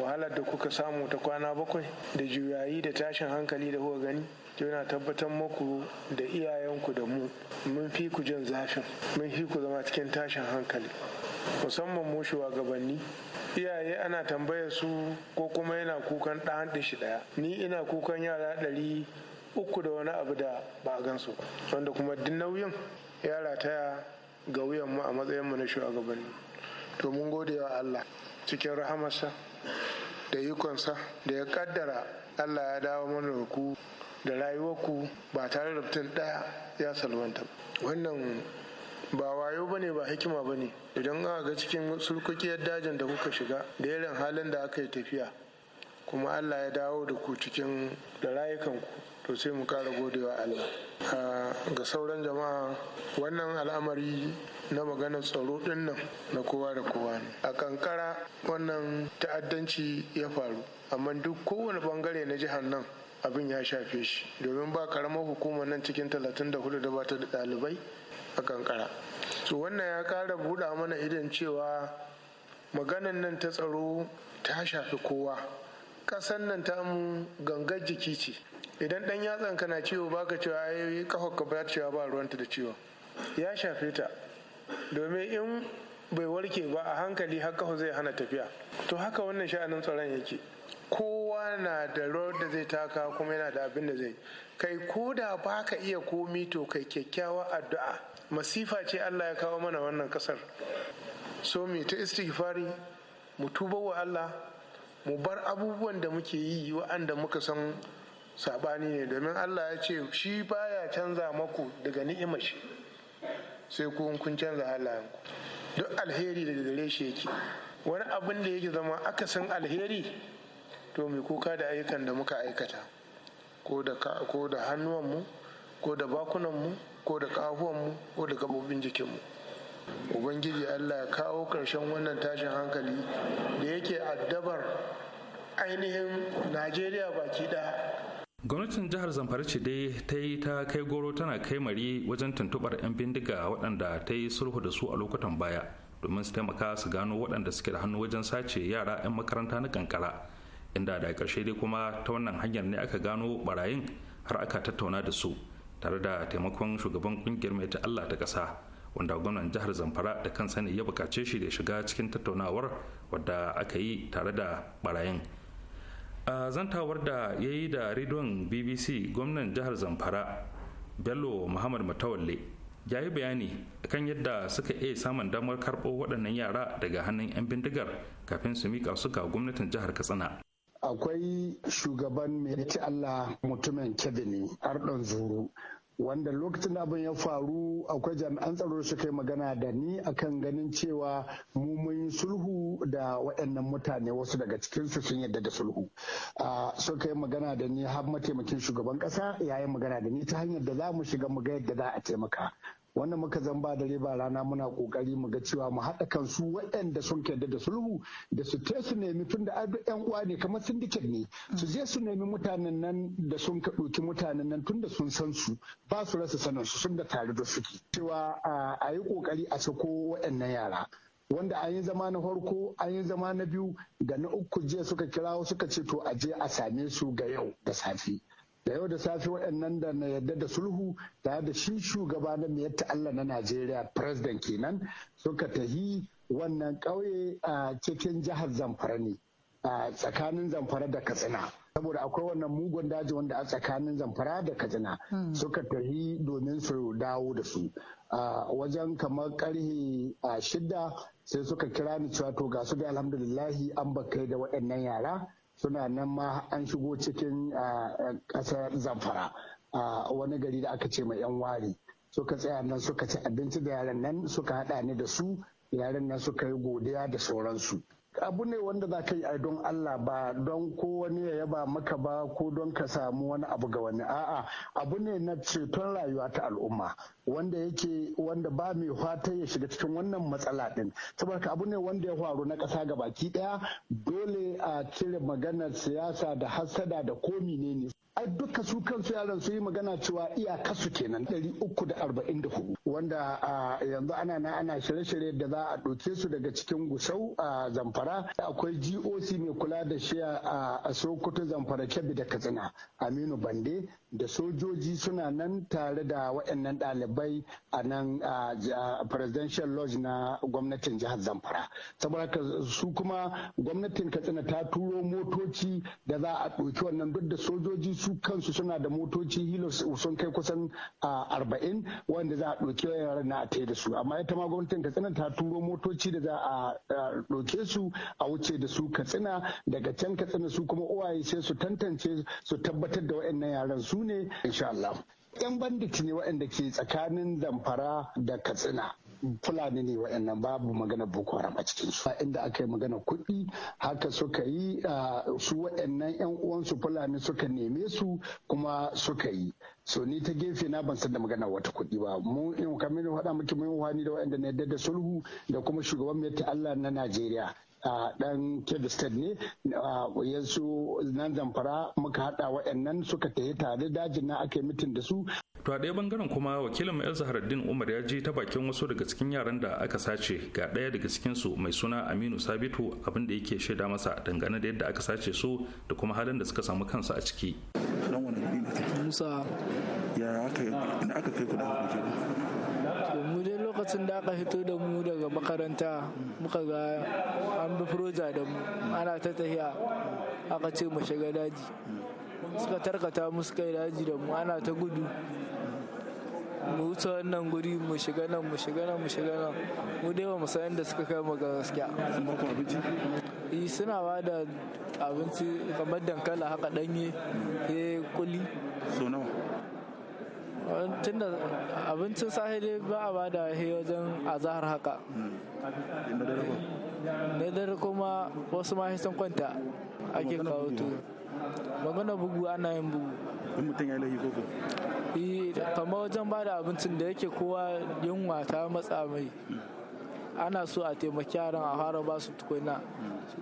K: wahalar da kuka samu ta kwana bakwai da juyayi da tashin hankali da kuka gani yana tabbatar muku da iyayenku da mu mun fi ku jin zafin mun fi ku zama cikin tashin hankali musamman mu shugabanni iyaye ana tambayar su ko kuma yana kukan ɗan shi ɗaya ni ina kukan yara ɗari uku da wani abu da ba a gansu wanda kuma duk nauyin ya rataya ga wuyan mu a matsayin mu na shugabanni to mun gode wa Allah cikin rahamarsa da ikonsa da ya kaddara Allah ya dawo mana ku da rayuwarku ba tare da mutum ɗaya ya salwanta wannan ba wayo bane ba hikima bane idan aka ga cikin sulkokiyar dajin da kuka shiga da irin halin da aka yi tafiya kuma Allah ya dawo da ku cikin da rayukanku to sai mu kara godewa Allah ga sauran jama'a wannan al'amari na maganar tsaro din nan na kowa da kowa ne a kankara wannan ta'addanci ya faru amma duk kowane bangare na jihar nan abin ya shafe shi domin ba karamar hukumar nan cikin 34 da bata da ɗalibai a kankara so wannan ya kara buɗa mana idan cewa maganan nan ta tsaro ta shafi kowa ƙasan nan ta tamu gangar jiki ce idan ɗan yatsan kana ciwo baka cewa yi kafar ka ba cewa ba ruwanta da ciwo ya shafe ta domin in bai warke ba a hankali har zai hana tafiya to haka wannan sha'anin tsaron yake kowa na da rawar da zai taka kuma yana da abin da zai kai ko da ba ka iya komi to kai kyakkyawa addu'a masifa ce allah ya kawo mana wannan kasar so mu ta istighfari mu tuba wa allah mu bar abubuwan da muke yi wa'anda muka san sabani ne domin allah ya ce shi baya canza maku daga ni'imar shi sai ku kun canza halayenku duk alheri da gare shi yake wani abin da yake zama akasin alheri to mai kuka da ayyukan da muka aikata ko da hannuwanmu ko da bakunanmu ko da kahuwanmu ko da gabobin jikinmu ubangiji allah ya kawo karshen wannan tashin hankali da yake addabar ainihin najeriya baki ɗaya
C: gwamnatin jihar zamfara ce dai ta yi ta kai goro tana kai mari wajen tuntubar 'yan bindiga waɗanda ta yi sulhu da su a lokutan baya domin su taimaka su gano waɗanda suke da hannu wajen sace yara 'yan makaranta na kankara inda da ƙarshe dai kuma ta wannan hanyar ne aka gano barayin har aka tattauna da su tare da taimakon shugaban kungiyar mai ta Allah ta ƙasa wanda gwamnan jihar Zamfara da kan sani ya bukace shi da shiga cikin tattaunawar wadda aka yi tare da barayin. a zantawar da ya yi da rediyon bbc gwamnan jihar zamfara bello muhammad matawalle ya yi bayani kan yadda suka iya samun damar karɓo waɗannan yara daga hannun 'yan bindigar kafin su mika su ga gwamnatin jihar katsina
H: akwai shugaban mai Allah mutumin kebini Ardon Zuru wanda lokacin abin ya faru akwai jami'an tsaro su kai magana da ni akan ganin cewa mu sulhu da waɗannan mutane wasu daga cikinsu sun yadda da sulhu So kai magana da ni har mataimakin shugaban ƙasa ya magana da ni ta hanyar da za mu shiga mu ga yadda za a taimaka wannan muka zamba da dare rana muna kokari mu ga cewa mu haɗa kan su waɗanda sun yarda da sulhu da su te su nemi tun da yan uwa ne kamar dikin ne su je su nemi mutanen nan da sun ka ɗauki mutanen nan tun da sun san su ba su rasa sanin su sun da tare da suke cewa a yi kokari a sako waɗannan yara wanda an yi zama na farko an yi zama na biyu da na uku jiya suka kirawo suka ce to a je a same su ga yau da safe da yau da safe waɗannan da na yadda da sulhu tare da shi shugaba na mai Allah na Najeriya president kenan suka tahi wannan ƙauye a cikin jihar Zamfara ne a tsakanin Zamfara da Katsina saboda akwai wannan mugun daji wanda a tsakanin Zamfara da Katsina hmm. suka tahi domin su dawo da su a wajen kamar karhe shidda sai suka kira ni cewa to ga su da alhamdulillahi an bakai da waɗannan yara suna nan ma an shigo cikin ƙasar zamfara a wani gari da aka ce mai yan wari suka tsaya nan suka ci abinci da yaran nan suka haɗa ni da su yaran nan suka yi godiya da sauransu abu ne wanda za ka yi a don Allah ba don ko ya yaba maka ba ko don ka samu wani abu ga wani a'a abu ne na ceton rayuwa ta al'umma wanda yake wanda ba mai fata ya shiga cikin wannan matsala din saboda abu ne wanda ya faru na ƙasa ga baki ɗaya dole a cire maganar siyasa da hassada da komi ne ne ai duka su kansu yaran su yi magana cewa iyaka su kenan hudu. wanda yanzu ana na ana shirye-shirye da za a ɗauke su daga cikin gusau a zamfara akwai goc mai kula da shi a sokoto zamfara kebbi da katsina aminu bande da sojoji suna nan tare da waɗannan ɗalibai a nan presidential lodge na gwamnatin jihar zamfara saboda su kuma gwamnatin katsina ta turo motoci da za a ɗauki wannan duk da sojoji su kansu suna da motoci hilos sun kai kusan arba'in wanda za a ɗauki yaran na a da su amma ita ma gwamnatin katsina ta turo motoci da za a ɗauke su a wuce da su katsina daga can katsina su kuma uwaye sai su tantance su tabbatar da waɗannan yaran su ne insha Allah. 'yan bandit ne waɗanda ke tsakanin zamfara da katsina fulani ne wa'annan babu magana boko haram a cikin su inda aka yi magana kuɗi haka suka yi su wa'annan yan uwansu fulani suka neme su kuma suka yi so ni ta gefe na ban san da magana wata kuɗi ba mu in kamar faɗa miki mun wani da wa'anda na yadda da sulhu da kuma shugaban mai Allah na Najeriya dan Kedu state ne ya su nan zamfara muka hada waɗannan suka tafi tare dajin na ake yi da su
C: to a ɗaya bangaren kuma wakilin mai zaharaddin umar ya je ta bakin wasu daga cikin yaran da aka sace ga ɗaya daga cikin su mai suna aminu sabitu abin da yake shaida masa dangane da yadda aka sace su da kuma halin da suka samu kansu a ciki
I: musa ya aka kai ku da lokacin da aka fito da mu daga makaranta muka ga an bi proja da mu ana ta tahiya aka ce mu shiga daji suka tarkata mu suka yi daji da mu ana ta gudu mu wuce wannan guri mu shiga nan mu shiga nan mu shiga nan mu dai ba mu san da suka kai mu ga gaskiya yi eh, suna ba da abinci kamar dankala haka danye eh kuli so nawa da abincin sahili ba a ba da wajen azahar haka na dare kuma wasu ma sun kwanta ake kawo tu magana bugu ana yin bugu in mutum ya lahi koko kamar wajen ba da abincin da yake kowa yunwa ta matsa mai ana so a taimaki yaran a fara ba su tukuna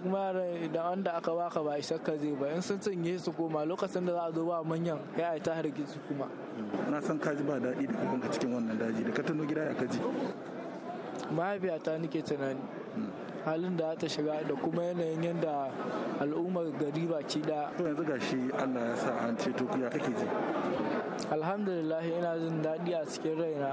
I: kuma yaran idan wanda aka baka ba isa ka zai ba in sun cinye su koma lokacin da za a zo ba manyan ya a ta hargizu kuma mm. na san ka ji ba daɗi da
J: kuma cikin wannan daji da ka gida ya kaji
I: mahaifiyata nake tunani halin da ta shiga da kuma yanayin yadda al'ummar gari ba baki da to yanzu
J: gashi Allah ya sa an ceto ku ya kake ji
I: alhamdulillah ina jin daɗi a cikin raina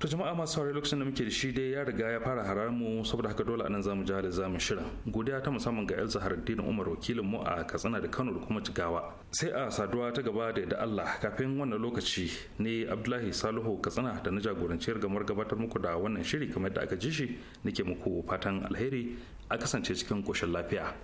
C: to jama'a masu saurari lokacin da muke da shi dai ya riga ya fara harar mu saboda haka dole anan zamu ja da zamu shirin godiya ta musamman ga Elsa Haraddin Umar wakilin mu a Katsina da Kano da kuma Jigawa sai a saduwa ta gaba da da Allah kafin wannan lokaci ne Abdullahi Salihu Katsina da na jagoranciyar gamar gabatar muku da wannan shiri kamar da aka ji shi nake muku fatan alheri a kasance cikin koshin lafiya.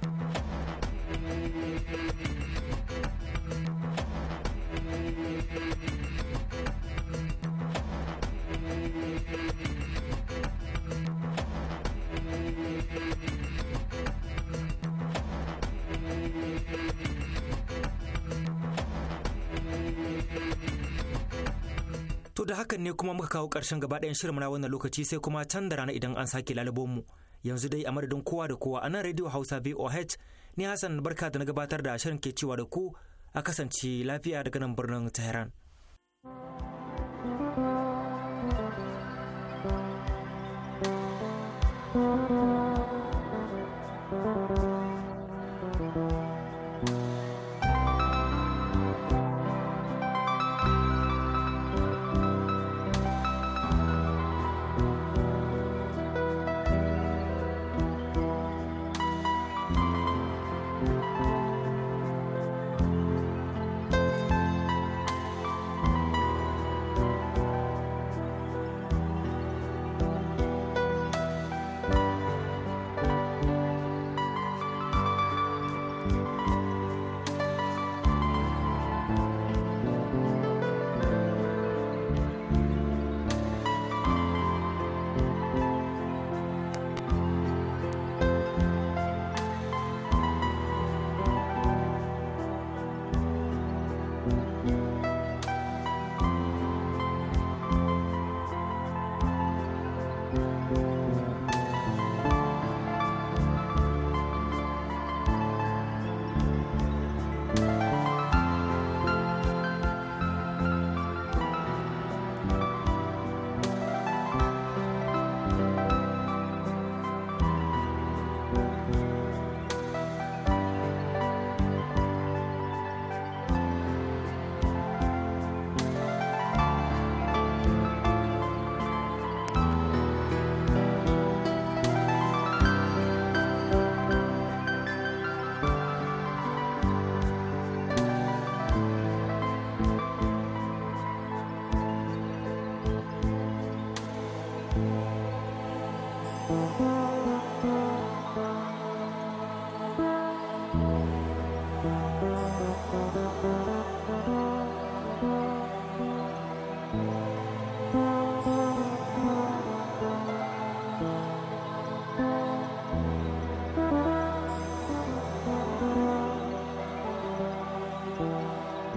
B: da hakan ne kuma muka kawo ƙarshen gaba ɗayan shirin na wannan lokaci sai kuma can da rana idan an sake lalabo mu. Yanzu dai a madadin kowa da kowa a nan Radio Hausa VOH ni Hassan barka da na gabatar da shirin ke cewa da ku a kasance lafiya daga nan birnin Tehran.